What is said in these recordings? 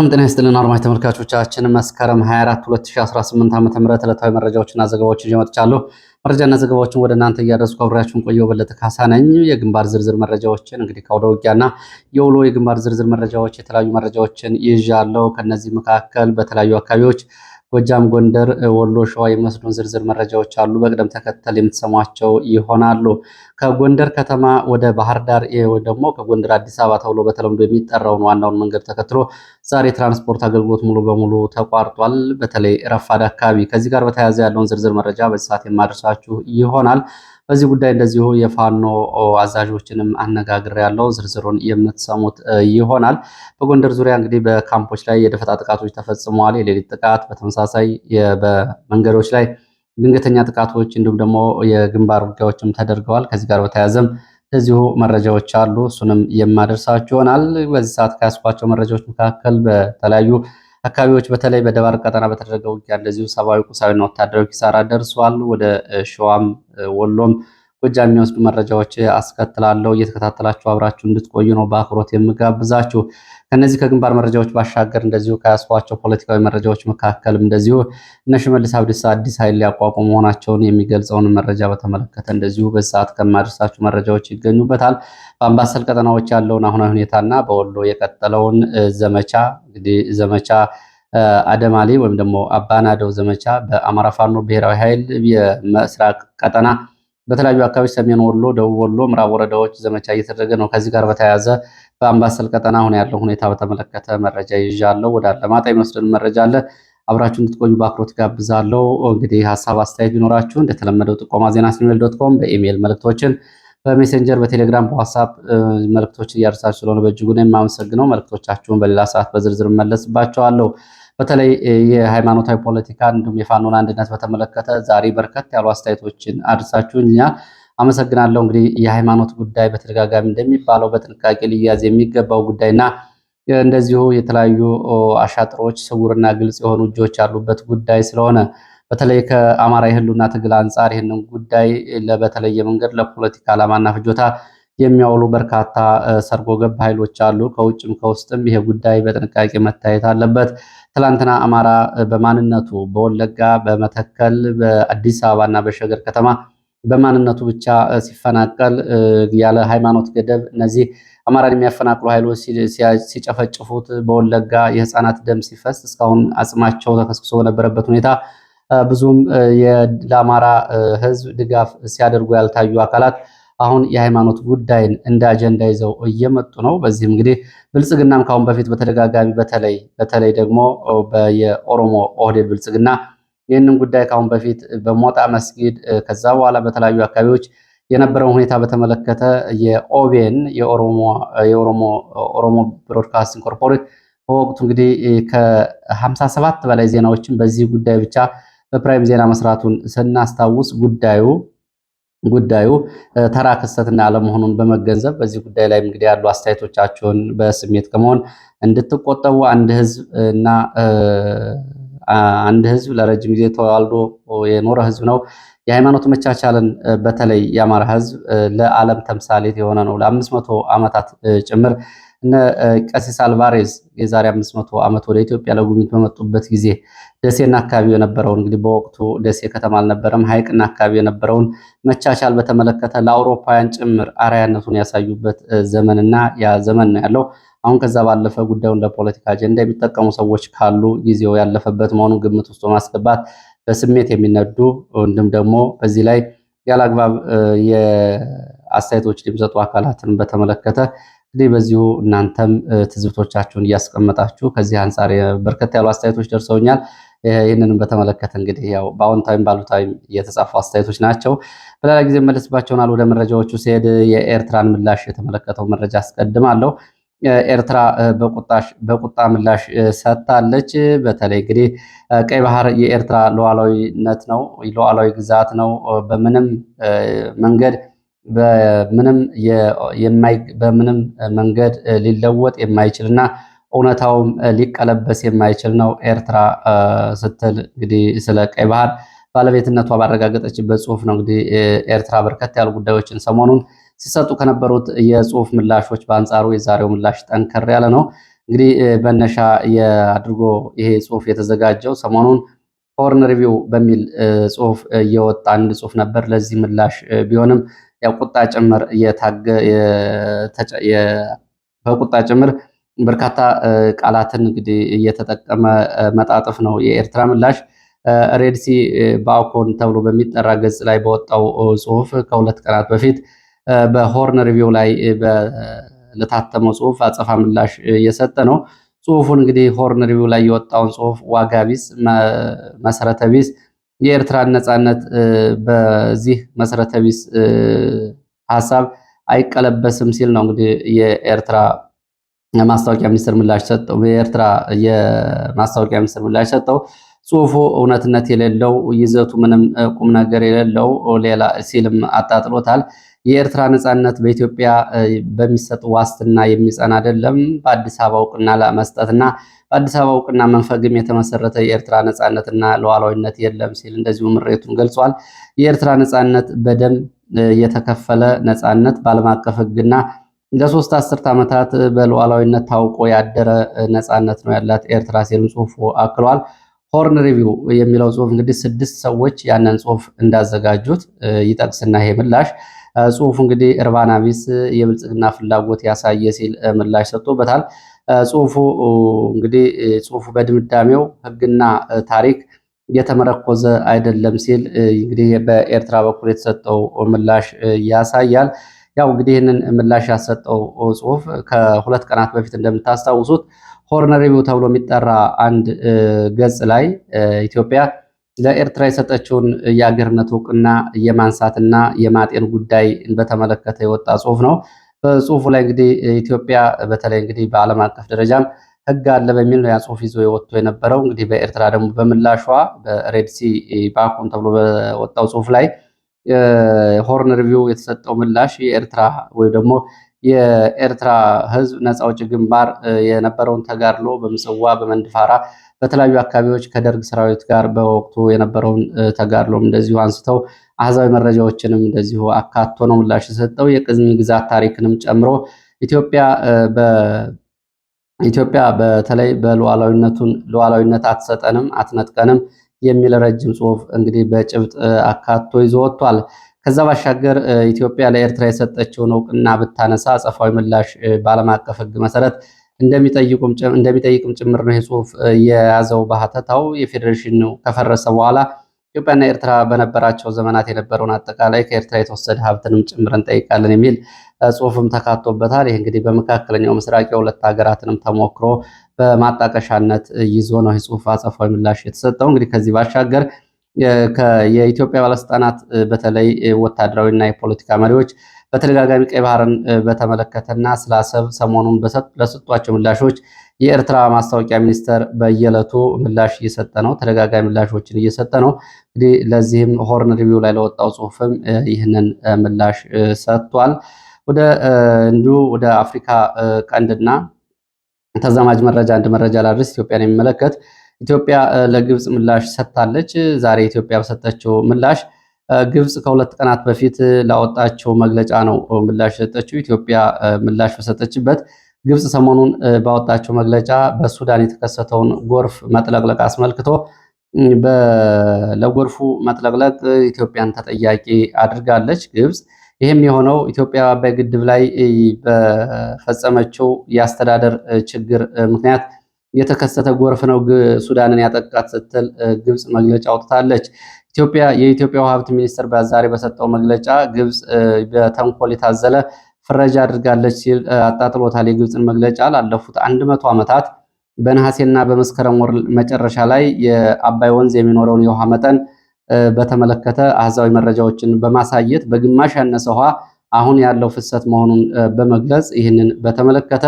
ሰላም ጤና ይስጥልን አድማጭ ተመልካቾቻችን፣ መስከረም 24 2018 ዓ.ም ተመረተ ዕለታዊ መረጃዎችና ዘገባዎችን ይዤ መጥቻለሁ። መረጃና ዘገባዎችን ወደ እናንተ እያደረስኩ አብሬያችሁን ቆየሁ። በለጠ ካሳ ነኝ። የግንባር ዝርዝር መረጃዎችን እንግዲህ ከአውደ ውጊያና የውሎ የግንባር ዝርዝር መረጃዎች የተለያዩ መረጃዎችን ይዣለሁ። ከነዚህ መካከል በተለያዩ አካባቢዎች ጎጃም፣ ጎንደር፣ ወሎ፣ ሸዋ የሚመስሉን ዝርዝር መረጃዎች አሉ። በቅደም ተከተል የምትሰሟቸው ይሆናሉ። ከጎንደር ከተማ ወደ ባህር ዳር ደግሞ ከጎንደር አዲስ አበባ ተብሎ በተለምዶ የሚጠራውን ዋናውን መንገድ ተከትሎ ዛሬ ትራንስፖርት አገልግሎት ሙሉ በሙሉ ተቋርጧል። በተለይ ረፋድ አካባቢ። ከዚህ ጋር በተያያዘ ያለውን ዝርዝር መረጃ በዚህ ሰዓት የማደርሳችሁ ይሆናል። በዚህ ጉዳይ እንደዚሁ የፋኖ አዛዦችንም አነጋግር ያለው ዝርዝሩን የምትሰሙት ይሆናል። በጎንደር ዙሪያ እንግዲህ በካምፖች ላይ የደፈጣ ጥቃቶች ተፈጽመዋል። የሌሊት ጥቃት፣ በተመሳሳይ በመንገዶች ላይ ድንገተኛ ጥቃቶች እንዲሁም ደግሞ የግንባር ውጊያዎችም ተደርገዋል። ከዚህ ጋር በተያያዘም እንደዚሁ መረጃዎች አሉ። እሱንም የማደርሳችሁ ይሆናል። በዚህ ሰዓት ከያስኳቸው መረጃዎች መካከል በተለያዩ አካባቢዎች በተለይ በደባርቅ ቀጠና በተደረገ ውጊያ እንደዚሁ ሰብአዊ፣ ቁሳዊና ወታደራዊ ኪሳራ ደርሷል። ወደ ሸዋም ወሎም ጎጃ የሚወስዱ መረጃዎች አስከትላለሁ። እየተከታተላችሁ አብራችሁ እንድትቆዩ ነው በአክብሮት የምጋብዛችሁ። ከነዚህ ከግንባር መረጃዎች ባሻገር እንደዚሁ ከያስኳቸው ፖለቲካዊ መረጃዎች መካከልም እንደዚሁ እነ ሽመልስ አብዲሳ አዲስ ኃይል ሊያቋቁሙ መሆናቸውን የሚገልጸውን መረጃ በተመለከተ እንደዚሁ በሰዓት ከማድረሳችሁ መረጃዎች ይገኙበታል። በአምባሰል ቀጠናዎች ያለውን አሁናዊ ሁኔታና በወሎ የቀጠለውን ዘመቻ እንግዲህ ዘመቻ አደማሌ ወይም ደግሞ አባናደው ዘመቻ በአማራ ፋኖ ብሔራዊ ኃይል የምስራቅ ቀጠና በተለያዩ አካባቢዎች ሰሜን ወሎ፣ ደቡብ ወሎ፣ ምዕራብ ወረዳዎች ዘመቻ እየተደረገ ነው። ከዚህ ጋር በተያያዘ በአምባሰል ቀጠና አሁን ያለው ሁኔታ በተመለከተ መረጃ ይዣለሁ። ወደ አለማጣ የሚወስደን መረጃ አለ። አብራችሁ እንድትቆዩ በአክብሮት ጋብዛለሁ። እንግዲህ ሀሳብ አስተያየት ቢኖራችሁ እንደተለመደው ጥቆማ ዜና ጂሜል ዶት ኮም በኢሜይል መልእክቶችን በሜሴንጀር በቴሌግራም በዋትሳፕ መልእክቶችን እያደርሳችሁ ስለሆነ በእጅጉ ነው የማመሰግነው። መልእክቶቻችሁን በሌላ ሰዓት በዝርዝር መለስባቸዋለሁ። በተለይ የሃይማኖታዊ ፖለቲካ እንዲሁም የፋኖን አንድነት በተመለከተ ዛሬ በርከት ያሉ አስተያየቶችን አድርሳችሁኛል። አመሰግናለሁ። እንግዲህ የሃይማኖት ጉዳይ በተደጋጋሚ እንደሚባለው በጥንቃቄ ሊያዝ የሚገባው ጉዳይና እንደዚሁ የተለያዩ አሻጥሮች፣ ስውርና ግልጽ የሆኑ እጆች ያሉበት ጉዳይ ስለሆነ በተለይ ከአማራ የህልውና ትግል አንጻር ይህንን ጉዳይ በተለየ መንገድ ለፖለቲካ ዓላማና ፍጆታ የሚያውሉ በርካታ ሰርጎ ገብ ኃይሎች አሉ። ከውጭም ከውስጥም ይሄ ጉዳይ በጥንቃቄ መታየት አለበት። ትላንትና አማራ በማንነቱ በወለጋ በመተከል በአዲስ አበባና በሸገር ከተማ በማንነቱ ብቻ ሲፈናቀል ያለ ሃይማኖት ገደብ እነዚህ አማራን የሚያፈናቅሉ ኃይሎች ሲጨፈጭፉት በወለጋ የህፃናት ደም ሲፈስ እስካሁን አጽማቸው ተከስክሶ በነበረበት ሁኔታ ብዙም ለአማራ ህዝብ ድጋፍ ሲያደርጉ ያልታዩ አካላት አሁን የሃይማኖት ጉዳይን እንደ አጀንዳ ይዘው እየመጡ ነው። በዚህም እንግዲህ ብልጽግናም ካሁን በፊት በተደጋጋሚ በተለይ በተለይ ደግሞ የኦሮሞ ኦህዴድ ብልጽግና ይህንን ጉዳይ ካሁን በፊት በሞጣ መስጊድ ከዛ በኋላ በተለያዩ አካባቢዎች የነበረውን ሁኔታ በተመለከተ የኦቤን የኦሮሞ ብሮድካስቲንግ ኮርፖሬት በወቅቱ እንግዲህ ከ ሰባት በላይ ዜናዎችን በዚህ ጉዳይ ብቻ በፕራይም ዜና መስራቱን ስናስታውስ ጉዳዩ ጉዳዩ ተራ ክስተትና አለመሆኑን በመገንዘብ በዚህ ጉዳይ ላይ እንግዲህ ያሉ አስተያየቶቻችሁን በስሜት ከመሆን እንድትቆጠቡ አንድ ህዝብ እና አንድ ህዝብ ለረጅም ጊዜ ተዋልዶ የኖረ ህዝብ ነው። የሃይማኖት መቻቻልን በተለይ የአማራ ህዝብ ለዓለም ተምሳሌት የሆነ ነው። ለአምስት መቶ ዓመታት ጭምር እነ ቀሲስ አልቫሬዝ የዛሬ 500 ዓመት ወደ ኢትዮጵያ ለጉብኝት በመጡበት ጊዜ ደሴና አካባቢ የነበረውን እንግዲህ በወቅቱ ደሴ ከተማ አልነበረም፣ ሐይቅና አካባቢ የነበረውን መቻቻል በተመለከተ ለአውሮፓውያን ጭምር አርአያነቱን ያሳዩበት ዘመንና ያ ዘመን ነው ያለው። አሁን ከዛ ባለፈ ጉዳዩን ለፖለቲካ አጀንዳ የሚጠቀሙ ሰዎች ካሉ ጊዜው ያለፈበት መሆኑን ግምት ውስጥ በማስገባት በስሜት የሚነዱ እንዲሁም ደግሞ በዚህ ላይ አግባብ የአስተያየቶች የሚሰጡ አካላትን በተመለከተ እንግዲህ በዚሁ እናንተም ትዝብቶቻችሁን እያስቀመጣችሁ ከዚህ አንጻር በርከት ያሉ አስተያየቶች ደርሰውኛል። ይህንንም በተመለከተ እንግዲህ ያው በአዎንታዊም ባሉታዊም የተጻፉ አስተያየቶች ናቸው። በሌላ ጊዜ መለስባቸውናል። ወደ መረጃዎቹ ሲሄድ የኤርትራን ምላሽ የተመለከተው መረጃ አስቀድማለሁ። ኤርትራ በቁጣ ምላሽ ሰጥታለች። በተለይ እንግዲህ ቀይ ባህር የኤርትራ ሉዓላዊነት ነው፣ ሉዓላዊ ግዛት ነው። በምንም መንገድ በምንም መንገድ ሊለወጥ የማይችልና እውነታውም ሊቀለበስ የማይችል ነው ኤርትራ ስትል እንግዲህ ስለ ቀይ ባህር ባለቤትነቷ ባረጋገጠችበት ጽሁፍ ነው እንግዲህ ኤርትራ በርከት ያሉ ጉዳዮችን ሰሞኑን ሲሰጡ ከነበሩት የጽሁፍ ምላሾች በአንጻሩ የዛሬው ምላሽ ጠንከር ያለ ነው። እንግዲህ መነሻ አድርጎ ይሄ ጽሁፍ የተዘጋጀው ሰሞኑን ሆርን ሪቪው በሚል ጽሁፍ እየወጣ አንድ ጽሁፍ ነበር ለዚህ ምላሽ ቢሆንም ያው ቁጣ ጭምር በቁጣ ጭምር በርካታ ቃላትን እንግዲህ እየተጠቀመ መጣጥፍ ነው። የኤርትራ ምላሽ ሬድሲ ባኮን ተብሎ በሚጠራ ገጽ ላይ በወጣው ጽሁፍ ከሁለት ቀናት በፊት በሆርን ሪቪው ላይ ለታተመው ጽሁፍ አጸፋ ምላሽ እየሰጠ ነው። ጽሁፉን እንግዲህ ሆርን ሪቪው ላይ የወጣውን ጽሁፍ ዋጋ ቢስ፣ መሰረተ ቢስ የኤርትራን ነጻነት በዚህ መሰረተ ቢስ ሀሳብ አይቀለበስም ሲል ነው እንግዲህ የኤርትራ ማስታወቂያ ሚኒስትር ምላሽ ሰጠው። የኤርትራ የማስታወቂያ ሚኒስትር ምላሽ ሰጠው። ጽሁፉ እውነትነት የሌለው ይዘቱ ምንም ቁም ነገር የሌለው ሌላ ሲልም አጣጥሎታል። የኤርትራ ነጻነት በኢትዮጵያ በሚሰጥ ዋስትና የሚጸን አይደለም። በአዲስ አበባ እውቅና ለመስጠትና በአዲስ አበባ እውቅና መንፈግም የተመሰረተ የኤርትራ ነጻነትና ሉዓላዊነት የለም ሲል እንደዚሁ ምሬቱን ገልጿል። የኤርትራ ነጻነት በደም የተከፈለ ነጻነት በዓለም አቀፍ ሕግና ለሶስት አስርት ዓመታት በሉዓላዊነት ታውቆ ያደረ ነጻነት ነው ያላት ኤርትራ ሲልም ጽሁፉ አክሏል። ሆርን ሪቪው የሚለው ጽሁፍ እንግዲህ ስድስት ሰዎች ያንን ጽሁፍ እንዳዘጋጁት ይጠቅስና ይሄ ምላሽ ጽሁፉ እንግዲህ እርባና ቢስ የብልጽግና ፍላጎት ያሳየ ሲል ምላሽ ሰጥቶበታል። ጽሁፉ እንግዲህ ጽሁፉ በድምዳሜው ህግና ታሪክ የተመረኮዘ አይደለም ሲል እንግዲህ በኤርትራ በኩል የተሰጠው ምላሽ ያሳያል። ያው እንግዲህ ይህንን ምላሽ ያሰጠው ጽሁፍ ከሁለት ቀናት በፊት እንደምታስታውሱት ሆርን ሪቪው ተብሎ የሚጠራ አንድ ገጽ ላይ ኢትዮጵያ ለኤርትራ የሰጠችውን የአገርነት እውቅና የማንሳትና የማጤን ጉዳይ በተመለከተ የወጣ ጽሁፍ ነው። በጽሁፉ ላይ እንግዲህ ኢትዮጵያ በተለይ እንግዲህ በዓለም አቀፍ ደረጃም ህግ አለ በሚል ነው ያ ጽሁፍ ይዞ የወጥቶ የነበረው። እንግዲህ በኤርትራ ደግሞ በምላሿ በሬድሲ ባኩም ተብሎ በወጣው ጽሁፍ ላይ ሆርን ሪቪው የተሰጠው ምላሽ የኤርትራ ወይ ደግሞ የኤርትራ ህዝብ ነፃ አውጪ ግንባር የነበረውን ተጋድሎ በምጽዋ በመንድፋራ በተለያዩ አካባቢዎች ከደርግ ሰራዊት ጋር በወቅቱ የነበረውን ተጋድሎም እንደዚሁ አንስተው አህዛዊ መረጃዎችንም እንደዚሁ አካቶ ነው ምላሽ የሰጠው። የቅኝ ግዛት ታሪክንም ጨምሮ ኢትዮጵያ በተለይ በሉዓላዊነቱን ሉዓላዊነት አትሰጠንም አትነጥቀንም የሚል ረጅም ጽሁፍ እንግዲህ በጭብጥ አካቶ ይዞ ወጥቷል። ከዛ ባሻገር ኢትዮጵያ ለኤርትራ የሰጠችውን እውቅና ብታነሳ አጸፋዊ ምላሽ በዓለም አቀፍ ሕግ መሰረት እንደሚጠይቅም ጭምር ነው ጽሁፍ የያዘው ባህተታው። የፌዴሬሽኑ ከፈረሰ በኋላ ኢትዮጵያና ኤርትራ በነበራቸው ዘመናት የነበረውን አጠቃላይ ከኤርትራ የተወሰደ ሀብትንም ጭምር እንጠይቃለን የሚል ጽሁፍም ተካቶበታል። ይህ እንግዲህ በመካከለኛው ምስራቅ የሁለት ሀገራትንም ተሞክሮ በማጣቀሻነት ይዞ ነው ጽሁፍ አጸፋዊ ምላሽ የተሰጠው። እንግዲህ ከዚህ ባሻገር የኢትዮጵያ ባለስልጣናት በተለይ ወታደራዊና የፖለቲካ መሪዎች በተደጋጋሚ ቀይ ባህርን በተመለከተና ስለ አሰብ ሰሞኑን ለሰጧቸው ምላሾች የኤርትራ ማስታወቂያ ሚኒስተር በየዕለቱ ምላሽ እየሰጠ ነው፣ ተደጋጋሚ ምላሾችን እየሰጠ ነው። እንግዲህ ለዚህም ሆርን ሪቪው ላይ ለወጣው ጽሁፍም ይህንን ምላሽ ሰጥቷል። ወደ እንዲሁ ወደ አፍሪካ ቀንድና ተዛማጅ መረጃ አንድ መረጃ ላድርስ። ኢትዮጵያን የሚመለከት ኢትዮጵያ ለግብፅ ምላሽ ሰጥታለች። ዛሬ ኢትዮጵያ በሰጠችው ምላሽ ግብፅ ከሁለት ቀናት በፊት ላወጣቸው መግለጫ ነው ምላሽ የሰጠችው። ኢትዮጵያ ምላሽ በሰጠችበት ግብፅ ሰሞኑን ባወጣቸው መግለጫ በሱዳን የተከሰተውን ጎርፍ መጥለቅለቅ አስመልክቶ ለጎርፉ መጥለቅለቅ ኢትዮጵያን ተጠያቂ አድርጋለች ግብፅ ይህም የሆነው ኢትዮጵያ አባይ ግድብ ላይ በፈጸመችው የአስተዳደር ችግር ምክንያት የተከሰተ ጎርፍ ነው ሱዳንን ያጠቃት ስትል ግብጽ መግለጫ አውጥታለች። ኢትዮጵያ የኢትዮጵያ ሀብት ሚኒስትር በዛሬ በሰጠው መግለጫ ግብፅ በተንኮል የታዘለ ፍረጃ አድርጋለች ሲል አጣጥሎታል። የግብፅን መግለጫ ላለፉት አንድ መቶ ዓመታት በነሐሴና በመስከረም ወር መጨረሻ ላይ የአባይ ወንዝ የሚኖረውን የውሃ መጠን በተመለከተ አሃዛዊ መረጃዎችን በማሳየት በግማሽ ያነሰ ውሃ አሁን ያለው ፍሰት መሆኑን በመግለጽ ይህንን በተመለከተ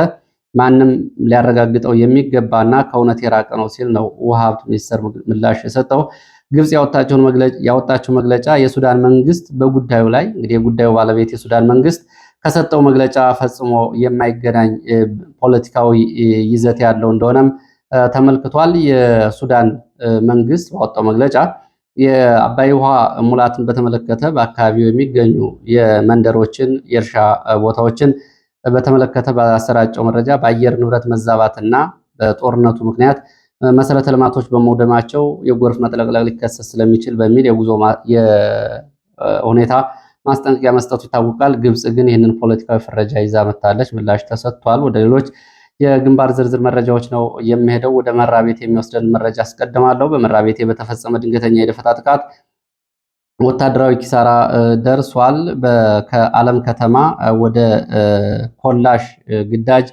ማንም ሊያረጋግጠው የሚገባና ከእውነት የራቀ ነው ሲል ነው ውሃ ሀብት ሚኒስቴር ምላሽ የሰጠው። ግብጽ ያወጣችው መግለጫ የሱዳን መንግስት በጉዳዩ ላይ እንግዲህ የጉዳዩ ባለቤት የሱዳን መንግስት ከሰጠው መግለጫ ፈጽሞ የማይገናኝ ፖለቲካዊ ይዘት ያለው እንደሆነም ተመልክቷል። የሱዳን መንግስት ባወጣው መግለጫ የአባይ ውሃ ሙላትን በተመለከተ በአካባቢው የሚገኙ የመንደሮችን የእርሻ ቦታዎችን በተመለከተ ባሰራጨው መረጃ በአየር ንብረት መዛባትና በጦርነቱ ምክንያት መሰረተ ልማቶች በመውደማቸው የጎርፍ መጥለቅለቅ ሊከሰት ስለሚችል በሚል የጉዞ ሁኔታ ማስጠንቀቂያ መስጠቱ ይታወቃል። ግብፅ ግን ይህንን ፖለቲካዊ ፍረጃ ይዛ መታለች። ምላሽ ተሰጥቷል። ወደ ሌሎች የግንባር ዝርዝር መረጃዎች ነው የሚሄደው። ወደ ቤት የሚወስደን መረጃ አስቀድማለሁ። ቤት በተፈጸመ ድንገተኛ የደፈጣ ጥቃት ወታደራዊ ኪሳራ ደርሷል። ከአለም ከተማ ወደ ኮላሽ ግዳጅ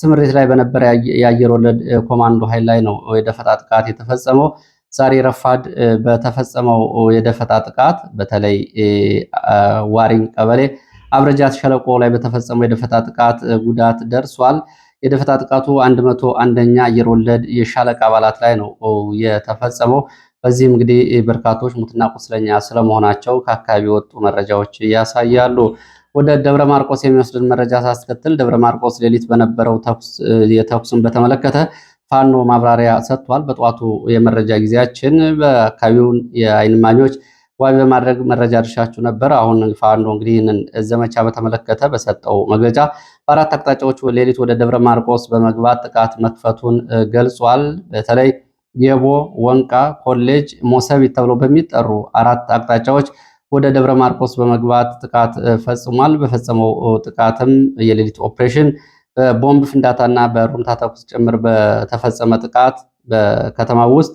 ስምሪት ላይ በነበረ የአየር ወለድ ኮማንዶ ኃይል ላይ ነው የደፈጣ ጥቃት የተፈጸመው። ዛሬ ረፋድ በተፈጸመው የደፈጣ ጥቃት በተለይ ዋሪን ቀበሌ አብረጃት ሸለቆ ላይ በተፈጸመው የደፈጣ ጥቃት ጉዳት ደርሷል። የደፈጣ ጥቃቱ አንድ መቶ አንደኛ አየር ወለድ የሻለቃ አባላት ላይ ነው የተፈጸመው። በዚህም እንግዲህ በርካቶች ሙትና ቁስለኛ ስለመሆናቸው ከአካባቢ የወጡ መረጃዎች ያሳያሉ። ወደ ደብረ ማርቆስ የሚወስድን መረጃ ሳስከትል ደብረ ማርቆስ ሌሊት በነበረው የተኩስን በተመለከተ ፋኖ ማብራሪያ ሰጥቷል። በጠዋቱ የመረጃ ጊዜያችን በአካባቢውን የአይንማኞች ዋን በማድረግ መረጃ ድርሻችሁ ነበር። አሁን ፋኖ እንግዲህ ይህንን ዘመቻ በተመለከተ በሰጠው መግለጫ በአራት አቅጣጫዎች ሌሊት ወደ ደብረ ማርቆስ በመግባት ጥቃት መክፈቱን ገልጿል። በተለይ የቦ ወንቃ፣ ኮሌጅ፣ ሞሰቢት ተብሎ በሚጠሩ አራት አቅጣጫዎች ወደ ደብረ ማርቆስ በመግባት ጥቃት ፈጽሟል። በፈጸመው ጥቃትም የሌሊት ኦፕሬሽን በቦምብ ፍንዳታና በሩምታ ተኩስ ጭምር በተፈጸመ ጥቃት በከተማ ውስጥ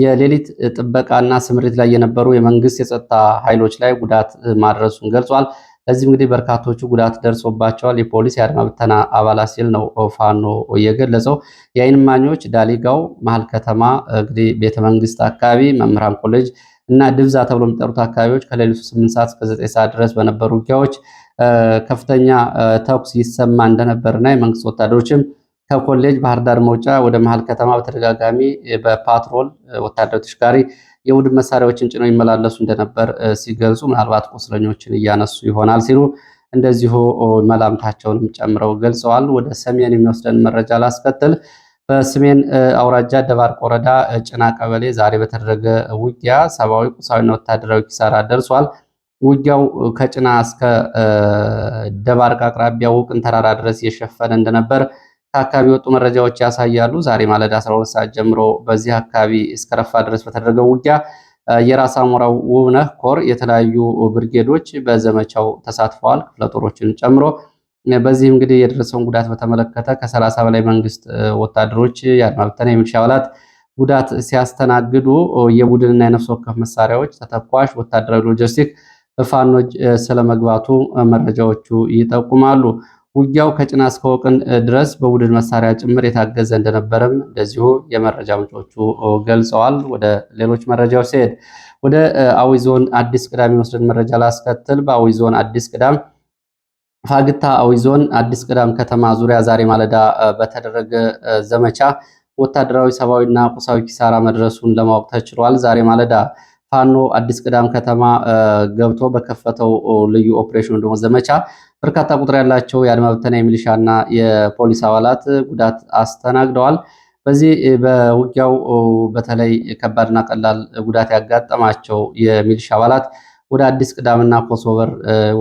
የሌሊት ጥበቃና ስምሪት ላይ የነበሩ የመንግስት የጸጥታ ኃይሎች ላይ ጉዳት ማድረሱን ገልጿል። ለዚህም እንግዲህ በርካቶቹ ጉዳት ደርሶባቸዋል። የፖሊስ የአድማ ብተና አባላት ሲል ነው ፋኖ የገለጸው። የአይን እማኞች ዳሊጋው መሀል ከተማ እንግዲህ ቤተመንግስት አካባቢ መምህራን ኮሌጅ እና ድብዛ ተብሎ የሚጠሩት አካባቢዎች ከሌሊቱ ስምንት ሰዓት እስከ ዘጠኝ ሰዓት ድረስ በነበሩ ውጊያዎች ከፍተኛ ተኩስ ይሰማ እንደነበርና የመንግስት ወታደሮችም ከኮሌጅ ባህር ዳር መውጫ ወደ መሀል ከተማ በተደጋጋሚ በፓትሮል ወታደራዊ ተሽከርካሪ የቡድን መሳሪያዎችን ጭነው ይመላለሱ እንደነበር ሲገልጹ ምናልባት ቁስለኞችን እያነሱ ይሆናል ሲሉ እንደዚሁ መላምታቸውንም ጨምረው ገልጸዋል። ወደ ሰሜን የሚወስደን መረጃ ላስከትል። በሰሜን አውራጃ ደባርቅ ወረዳ ጭና ቀበሌ ዛሬ በተደረገ ውጊያ ሰብአዊ፣ ቁሳዊና ወታደራዊ ኪሳራ ደርሷል። ውጊያው ከጭና እስከ ደባርቅ አቅራቢያ ውቅን ተራራ ድረስ የሸፈነ እንደነበር ከአካባቢ የወጡ መረጃዎች ያሳያሉ። ዛሬ ማለዳ 12 ሰዓት ጀምሮ በዚህ አካባቢ እስከ ረፋ ድረስ በተደረገው ውጊያ የራስ አሞራው ውብነህ ኮር የተለያዩ ብርጌዶች በዘመቻው ተሳትፈዋል፣ ክፍለ ጦሮችን ጨምሮ። በዚህ እንግዲህ የደረሰውን ጉዳት በተመለከተ ከ30 በላይ መንግስት ወታደሮች የአድማ ብተና አባላት ጉዳት ሲያስተናግዱ የቡድንና የነፍስ ወከፍ መሳሪያዎች፣ ተተኳሽ፣ ወታደራዊ ሎጂስቲክ በፋኖች ስለመግባቱ መረጃዎቹ ይጠቁማሉ። ውጊያው ከጭና እስከ ወቅን ድረስ በቡድን መሳሪያ ጭምር የታገዘ እንደነበረም እንደዚሁ የመረጃ ምንጮቹ ገልጸዋል። ወደ ሌሎች መረጃዎች ሲሄድ ወደ አዊ ዞን አዲስ ቅዳም የሚወስድን መረጃ ላስከትል። በአዊ ዞን አዲስ ቅዳም ፋግታ አዊ ዞን አዲስ ቅዳም ከተማ ዙሪያ ዛሬ ማለዳ በተደረገ ዘመቻ ወታደራዊ ሰብአዊና ቁሳዊ ኪሳራ መድረሱን ለማወቅ ተችሏል። ዛሬ ማለዳ ፋኖ አዲስ ቅዳም ከተማ ገብቶ በከፈተው ልዩ ኦፕሬሽን ደግሞ ዘመቻ በርካታ ቁጥር ያላቸው የአድማ ብተና የሚሊሻና የፖሊስ አባላት ጉዳት አስተናግደዋል። በዚህ በውጊያው በተለይ ከባድና ቀላል ጉዳት ያጋጠማቸው የሚሊሻ አባላት ወደ አዲስ ቅዳምና ኮሶበር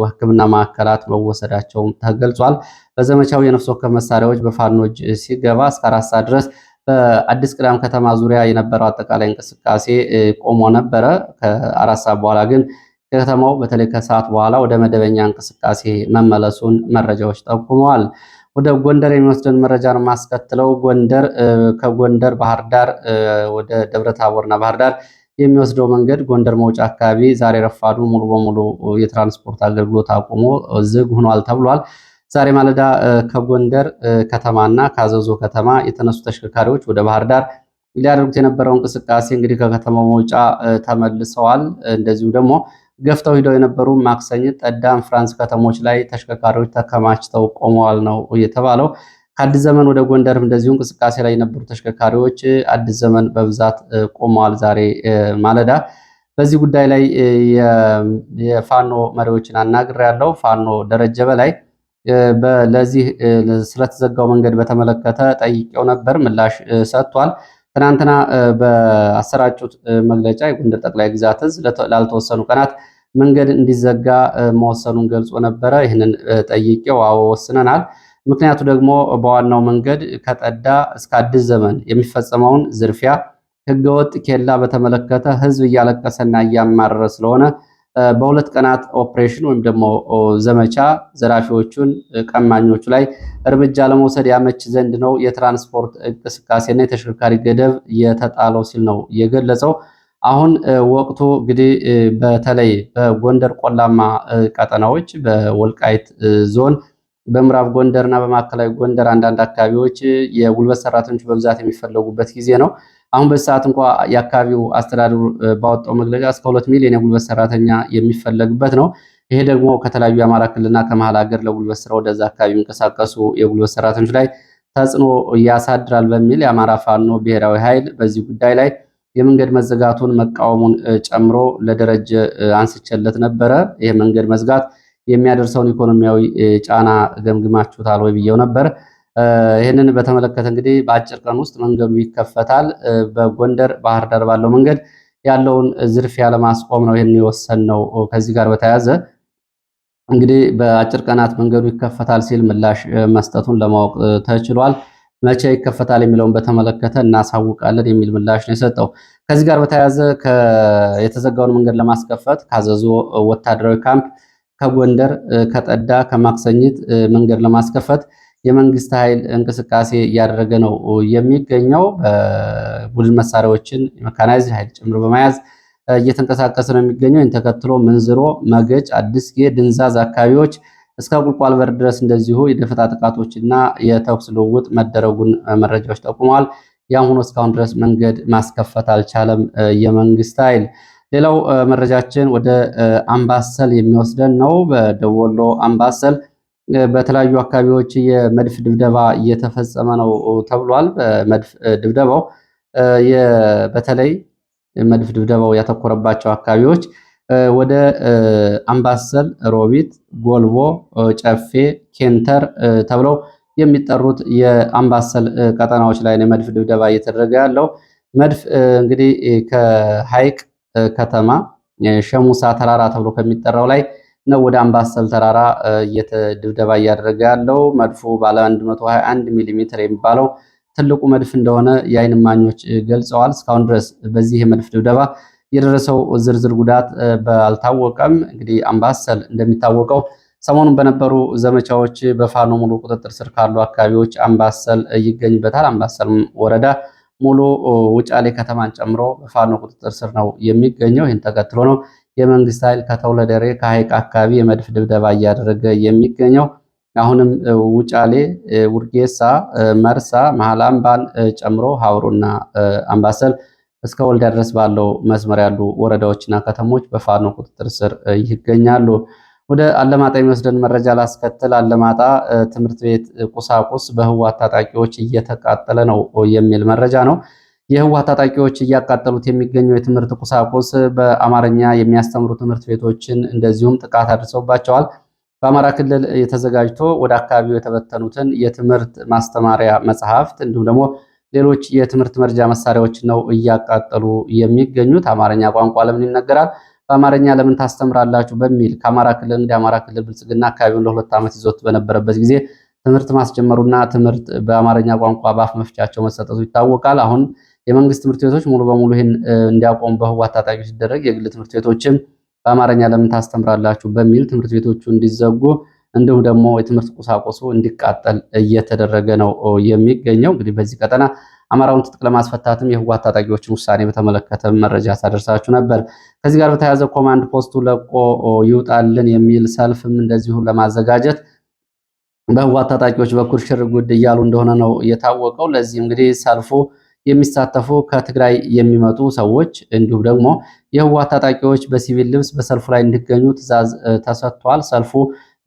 ሕክምና ማዕከላት መወሰዳቸውም ተገልጿል። በዘመቻው የነፍስ ወከፍ መሳሪያዎች በፋኖ ሲገባ እስከ አራት ሰዓት ድረስ በአዲስ ቅዳም ከተማ ዙሪያ የነበረው አጠቃላይ እንቅስቃሴ ቆሞ ነበረ። ከአራት ሰዓት በኋላ ግን ከተማው በተለይ ከሰዓት በኋላ ወደ መደበኛ እንቅስቃሴ መመለሱን መረጃዎች ጠቁመዋል። ወደ ጎንደር የሚወስደን መረጃ ነው የማስከትለው። ጎንደር ከጎንደር ባህር ዳር ወደ ደብረታቦርና ባህር ዳር የሚወስደው መንገድ ጎንደር መውጫ አካባቢ ዛሬ ረፋዱ ሙሉ በሙሉ የትራንስፖርት አገልግሎት አቁሞ ዝግ ሆኗል ተብሏል። ዛሬ ማለዳ ከጎንደር ከተማና ከአዘዞ ከተማ የተነሱ ተሽከርካሪዎች ወደ ባህር ዳር ሊያደርጉት የነበረው እንቅስቃሴ እንግዲህ ከከተማው መውጫ ተመልሰዋል። እንደዚሁም ደግሞ ገፍተው ሂደው የነበሩ ማክሰኝት፣ ጠዳም፣ ፍራንስ ከተሞች ላይ ተሽከርካሪዎች ተከማችተው ቆመዋል ነው የተባለው። ከአዲስ ዘመን ወደ ጎንደር እንደዚሁ እንቅስቃሴ ላይ የነበሩ ተሽከርካሪዎች አዲስ ዘመን በብዛት ቆመዋል ዛሬ ማለዳ። በዚህ ጉዳይ ላይ የፋኖ መሪዎችን አናግሬያለሁ። ፋኖ ደረጀ በላይ ለዚህ ስለተዘጋው መንገድ በተመለከተ ጠይቄው ነበር። ምላሽ ሰጥቷል። ትናንትና በአሰራጩት መግለጫ የጎንደር ጠቅላይ ግዛት እዝ ላልተወሰኑ ቀናት መንገድ እንዲዘጋ መወሰኑን ገልጾ ነበረ። ይህንን ጠይቄው አዎ ወስነናል። ምክንያቱ ደግሞ በዋናው መንገድ ከጠዳ እስከ አዲስ ዘመን የሚፈጸመውን ዝርፊያ፣ ህገወጥ ኬላ በተመለከተ ህዝብ እያለቀሰና እያማረረ ስለሆነ በሁለት ቀናት ኦፕሬሽን ወይም ደግሞ ዘመቻ ዘራፊዎቹን ቀማኞቹ ላይ እርምጃ ለመውሰድ ያመች ዘንድ ነው የትራንስፖርት እንቅስቃሴና የተሽከርካሪ ገደብ የተጣለው ሲል ነው የገለጸው። አሁን ወቅቱ እንግዲህ በተለይ በጎንደር ቆላማ ቀጠናዎች፣ በወልቃይት ዞን፣ በምዕራብ ጎንደር እና በማዕከላዊ ጎንደር አንዳንድ አካባቢዎች የጉልበት ሰራተኞች በብዛት የሚፈለጉበት ጊዜ ነው። አሁን በሰዓት ሰዓት እንኳ የአካባቢው አስተዳደሩ ባወጣው መግለጫ እስከ ሁለት ሚሊዮን የጉልበት ሰራተኛ የሚፈለግበት ነው። ይሄ ደግሞ ከተለያዩ የአማራ ክልልና ከመሀል ሀገር ለጉልበት ስራ ወደዛ አካባቢ የሚንቀሳቀሱ የጉልበት ሰራተኞች ላይ ተጽዕኖ ያሳድራል በሚል የአማራ ፋኖ ብሔራዊ ኃይል በዚህ ጉዳይ ላይ የመንገድ መዘጋቱን መቃወሙን ጨምሮ ለደረጀ አንስቼለት ነበረ። ይህ መንገድ መዝጋት የሚያደርሰውን ኢኮኖሚያዊ ጫና ገምግማችሁታል ወይ ብየው ነበር። ይህንን በተመለከተ እንግዲህ በአጭር ቀን ውስጥ መንገዱ ይከፈታል። በጎንደር ባህር ዳር ባለው መንገድ ያለውን ዝርፊያ ለማስቆም ነው የወሰን ነው። ከዚህ ጋር በተያያዘ እንግዲህ በአጭር ቀናት መንገዱ ይከፈታል ሲል ምላሽ መስጠቱን ለማወቅ ተችሏል። መቼ ይከፈታል የሚለውን በተመለከተ እናሳውቃለን የሚል ምላሽ ነው የሰጠው። ከዚህ ጋር በተያያዘ የተዘጋውን መንገድ ለማስከፈት ካዘዞ ወታደራዊ ካምፕ ከጎንደር ከጠዳ ከማክሰኝት መንገድ ለማስከፈት የመንግስት ኃይል እንቅስቃሴ እያደረገ ነው የሚገኘው። ቡድን መሳሪያዎችን መካናይዝ ኃይል ጭምር በመያዝ እየተንቀሳቀሰ ነው የሚገኘው። ይህን ተከትሎ ምንዝሮ፣ መገጭ፣ ጌ፣ ድንዛዝ አካባቢዎች እስከ ቁልቋል በር ድረስ እንደዚሁ የደፈጣ ጥቃቶችና የተኩስ ልውውጥ መደረጉን መረጃዎች ጠቁመዋል። ያም ሆኖ እስካሁን ድረስ መንገድ ማስከፈት አልቻለም የመንግስት ኃይል። ሌላው መረጃችን ወደ አምባሰል የሚወስደን ነው። በደወሎ አምባሰል በተለያዩ አካባቢዎች የመድፍ ድብደባ እየተፈጸመ ነው ተብሏል። በመድፍ ድብደባው በተለይ መድፍ ድብደባው ያተኮረባቸው አካባቢዎች ወደ አምባሰል፣ ሮቢት፣ ጎልቦ፣ ጨፌ፣ ኬንተር ተብለው የሚጠሩት የአምባሰል ቀጠናዎች ላይ የመድፍ ድብደባ እየተደረገ ያለው። መድፍ እንግዲህ ከሀይቅ ከተማ ሸሙሳ ተራራ ተብሎ ከሚጠራው ላይ ነው ወደ አምባሰል ተራራ ድብደባ እያደረገ ያለው። መድፎ ባለ 121 ሚሊ ሜትር የሚባለው ትልቁ መድፍ እንደሆነ የአይን ማኞች ገልጸዋል። እስካሁን ድረስ በዚህ የመድፍ ድብደባ የደረሰው ዝርዝር ጉዳት ባልታወቀም፣ እንግዲህ አምባሰል እንደሚታወቀው ሰሞኑን በነበሩ ዘመቻዎች በፋኖ ሙሉ ቁጥጥር ስር ካሉ አካባቢዎች አምባሰል ይገኝበታል። አምባሰል ወረዳ ሙሉ ውጫሌ ከተማን ጨምሮ በፋኖ ቁጥጥር ስር ነው የሚገኘው። ይህን ተከትሎ ነው የመንግስት ኃይል ከተውለደሬ ከሐይቅ አካባቢ የመድፍ ድብደባ እያደረገ የሚገኘው አሁንም ውጫሌ፣ ውርጌሳ፣ መርሳ፣ መሀል አምባን ጨምሮ ሀውሩና አምባሰል እስከ ወልዲያ ድረስ ባለው መስመር ያሉ ወረዳዎችና ከተሞች በፋኖ ቁጥጥር ስር ይገኛሉ። ወደ አለማጣ የሚወስደን መረጃ ላስከትል። አለማጣ ትምህርት ቤት ቁሳቁስ በህወሓት ታጣቂዎች እየተቃጠለ ነው የሚል መረጃ ነው። የህወሓት ታጣቂዎች እያቃጠሉት የሚገኘው የትምህርት ቁሳቁስ በአማርኛ የሚያስተምሩ ትምህርት ቤቶችን እንደዚሁም ጥቃት አድርሰውባቸዋል። በአማራ ክልል ተዘጋጅቶ ወደ አካባቢው የተበተኑትን የትምህርት ማስተማሪያ መጽሐፍት እንዲሁም ደግሞ ሌሎች የትምህርት መርጃ መሳሪያዎች ነው እያቃጠሉ የሚገኙት። አማርኛ ቋንቋ ለምን ይነገራል? በአማርኛ ለምን ታስተምራላችሁ? በሚል ከአማራ ክልል እንግዲህ አማራ ክልል ብልጽግና አካባቢውን ለሁለት ዓመት ይዞት በነበረበት ጊዜ ትምህርት ማስጀመሩና ትምህርት በአማርኛ ቋንቋ በአፍ መፍቻቸው መሰጠቱ ይታወቃል። አሁን የመንግስት ትምህርት ቤቶች ሙሉ በሙሉ ይህን እንዲያቆሙ በህወሓት ታጣቂዎች ሲደረግ የግል ትምህርት ቤቶችም በአማርኛ ለምን ታስተምራላችሁ በሚል ትምህርት ቤቶቹ እንዲዘጉ እንዲሁም ደግሞ የትምህርት ቁሳቁሱ እንዲቃጠል እየተደረገ ነው የሚገኘው። እንግዲህ በዚህ ቀጠና አማራውን ትጥቅ ለማስፈታትም የህወሓት ታጣቂዎችን ውሳኔ በተመለከተ መረጃ ሳደርሳችሁ ነበር። ከዚህ ጋር በተያያዘ ኮማንድ ፖስቱ ለቆ ይውጣልን የሚል ሰልፍም እንደዚሁ ለማዘጋጀት በህወሓት ታጣቂዎች በኩል ሽር ጉድ እያሉ እንደሆነ ነው የታወቀው። ለዚህ እንግዲህ ሰልፉ የሚሳተፉ ከትግራይ የሚመጡ ሰዎች እንዲሁም ደግሞ የህወሓት ታጣቂዎች በሲቪል ልብስ በሰልፉ ላይ እንዲገኙ ትዕዛዝ ተሰጥቷል። ሰልፉ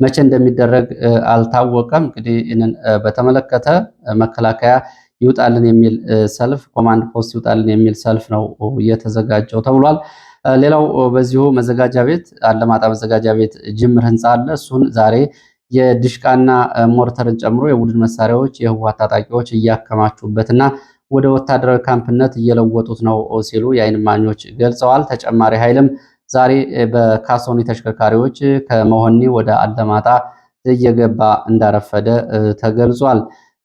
መቼ እንደሚደረግ አልታወቀም። እንግዲህ ይህንን በተመለከተ መከላከያ ይውጣልን የሚል ሰልፍ፣ ኮማንድ ፖስት ይውጣልን የሚል ሰልፍ ነው እየተዘጋጀው ተብሏል። ሌላው በዚሁ መዘጋጃ ቤት አለማጣ መዘጋጃ ቤት ጅምር ህንፃ አለ። እሱን ዛሬ የድሽቃና ሞርተርን ጨምሮ የቡድን መሳሪያዎች የህወሓት ታጣቂዎች እያከማቹበትና ወደ ወታደራዊ ካምፕነት እየለወጡት ነው ሲሉ የአይን ማኞች ገልጸዋል። ተጨማሪ ኃይልም ዛሬ በካሶኒ ተሽከርካሪዎች ከመሆኒ ወደ አለማጣ እየገባ እንዳረፈደ ተገልጿል።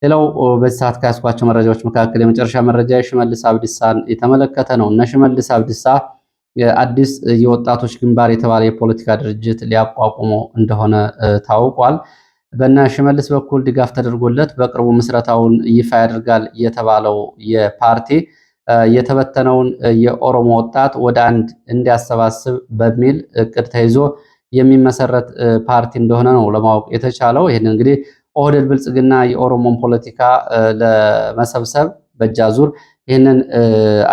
ሌላው በዚህ ሰዓት ከያስኳቸው መረጃዎች መካከል የመጨረሻ መረጃ የሽመልስ አብዲሳን የተመለከተ ነው። እነ ሽመልስ አብዲሳ አዲስ የወጣቶች ግንባር የተባለ የፖለቲካ ድርጅት ሊያቋቁሙ እንደሆነ ታውቋል። በእነ ሽመልስ በኩል ድጋፍ ተደርጎለት በቅርቡ ምስረታውን ይፋ ያደርጋል የተባለው የፓርቲ የተበተነውን የኦሮሞ ወጣት ወደ አንድ እንዲያሰባስብ በሚል እቅድ ተይዞ የሚመሰረት ፓርቲ እንደሆነ ነው ለማወቅ የተቻለው። ይህን እንግዲህ ኦህደድ ብልጽግና የኦሮሞን ፖለቲካ ለመሰብሰብ በእጃ ዙር ይህንን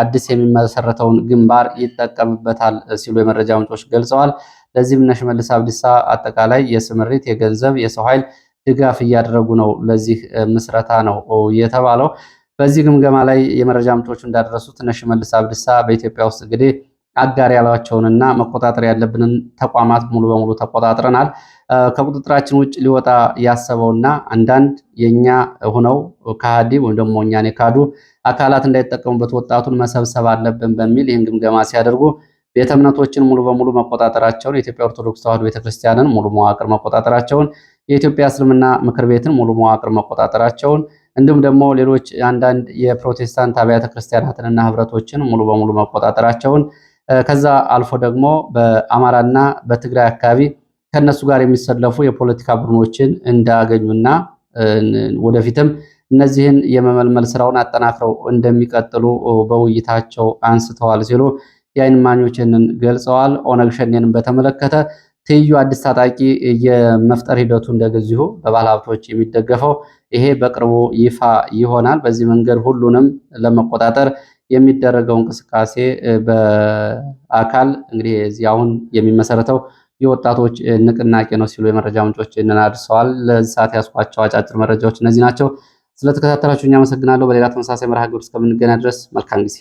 አዲስ የሚመሰረተውን ግንባር ይጠቀምበታል ሲሉ የመረጃ ምንጮች ገልጸዋል። ለዚህም እነ ሽመልስ አብዲሳ አጠቃላይ የስምሪት የገንዘብ የሰው ኃይል ድጋፍ እያደረጉ ነው። ለዚህ ምስረታ ነው የተባለው። በዚህ ግምገማ ላይ የመረጃ ምንጮች እንዳደረሱት እነ ሽመልስ አብዲሳ በኢትዮጵያ ውስጥ እንግዲህ አጋር ያሏቸውንና መቆጣጠር ያለብንን ተቋማት ሙሉ በሙሉ ተቆጣጥረናል። ከቁጥጥራችን ውጭ ሊወጣ ያሰበውና አንዳንድ የኛ ሆነው ከሃዲ ወይም ደግሞ እኛን የካዱ አካላት እንዳይጠቀሙበት ወጣቱን መሰብሰብ አለብን በሚል ይህን ግምገማ ሲያደርጉ ቤተ እምነቶችን ሙሉ በሙሉ መቆጣጠራቸውን፣ የኢትዮጵያ ኦርቶዶክስ ተዋሕዶ ቤተክርስቲያንን ሙሉ መዋቅር መቆጣጠራቸውን፣ የኢትዮጵያ እስልምና ምክር ቤትን ሙሉ መዋቅር መቆጣጠራቸውን እንዲሁም ደግሞ ሌሎች አንዳንድ የፕሮቴስታንት አብያተ ክርስቲያናትንና ህብረቶችን ሙሉ በሙሉ መቆጣጠራቸውን ከዛ አልፎ ደግሞ በአማራና በትግራይ አካባቢ ከነሱ ጋር የሚሰለፉ የፖለቲካ ቡድኖችን እንዳገኙና ወደፊትም እነዚህን የመመልመል ስራውን አጠናክረው እንደሚቀጥሉ በውይይታቸው አንስተዋል ሲሉ የአይን እማኞች ገልጸዋል። ኦነግ ሸኔንም በተመለከተ ትይዩ አዲስ ታጣቂ የመፍጠር ሂደቱ እንደዚሁ በባለ ሀብቶች የሚደገፈው ይሄ በቅርቡ ይፋ ይሆናል። በዚህ መንገድ ሁሉንም ለመቆጣጠር የሚደረገው እንቅስቃሴ በአካል እንግዲህ እዚህ አሁን የሚመሰረተው የወጣቶች ንቅናቄ ነው ሲሉ የመረጃ ምንጮች እናድርሰዋል። ለዚህ ሰዓት ያስኳቸው አጫጭር መረጃዎች እነዚህ ናቸው። ስለተከታተላችሁ እኛ አመሰግናለሁ። በሌላ ተመሳሳይ መርሃ ግብር እስከምንገናኝ ድረስ መልካም ጊዜ